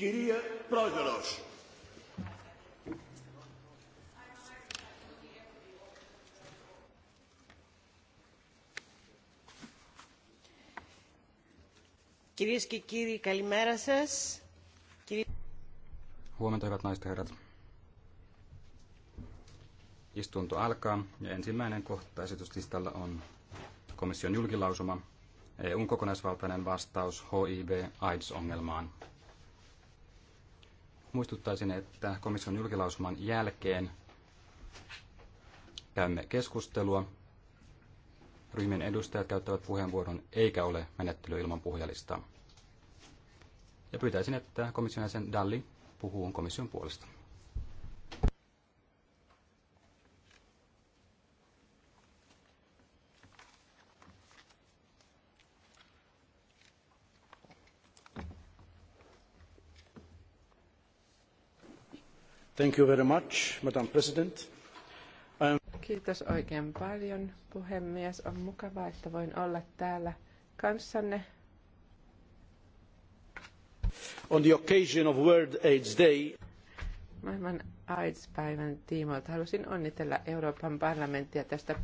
Κυρία Πρόεδρος. Κυρίες και κύριοι, καλημέρα σας. Huomenta, hyvät naiset ja herrat. Istunto alkaa ja ensimmäinen kohta esityslistalla on komission julkilausuma EUn kokonaisvaltainen vastaus HIV-AIDS-ongelmaan Muistuttaisin, että komission julkilausuman jälkeen käymme keskustelua. Ryhmien edustajat käyttävät puheenvuoron eikä ole menettely ilman puhujalistaa. Ja pyytäisin, että komission jäsen Dalli puhuu komission puolesta. Madam President. Um, Kiitos oikein paljon, puhemies. On mukavaa, että voin olla täällä kanssanne. On the occasion of World AIDS Day. Maailman AIDS-päivän tiimoilta halusin onnitella Euroopan parlamenttia tästä päätöksestä.